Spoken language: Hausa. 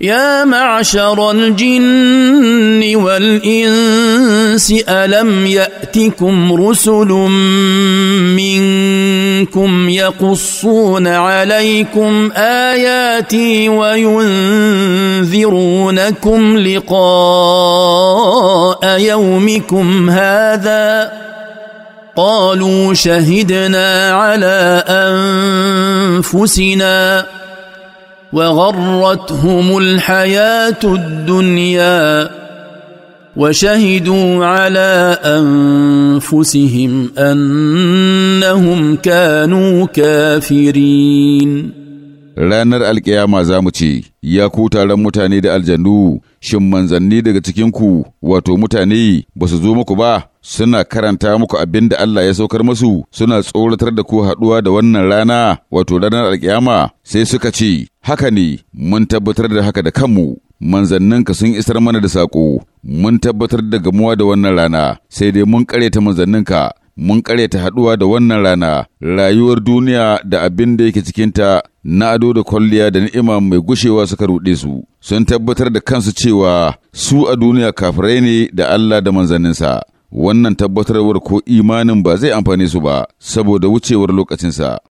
يا معشر الجن والانس الم ياتكم رسل منكم يقصون عليكم اياتي وينذرونكم لقاء يومكم هذا قالوا شهدنا على انفسنا وغرتهم الحياه الدنيا وشهدوا على انفسهم انهم كانوا كافرين ranar alkiyama za mu ce, Ya ku taron mutane da aljanu, shin manzanni daga cikinku, wato mutane, ba su zo muku ba, suna karanta muku abin da Allah ya saukar masu suna tsoratar da ku haɗuwa da wannan rana, wato ranar alkiyama, sai suka ce, Haka ne, mun tabbatar da haka da kanmu, manzanninka sun isar mana da saƙo, mun tabbatar da gamuwa da wannan rana, sai dai mun ƙareta manzanninka. mun karyata haɗuwa da wannan rana, rayuwar duniya da abin da yake cikinta na ado da kwalliya da ni'ima mai gushewa suka ruɗe su, sun tabbatar da kansu cewa su a duniya kafirai ne da Allah da manzanninsa. Wannan tabbatarwar ko imanin ba zai amfane su ba, saboda wucewar lokacinsa.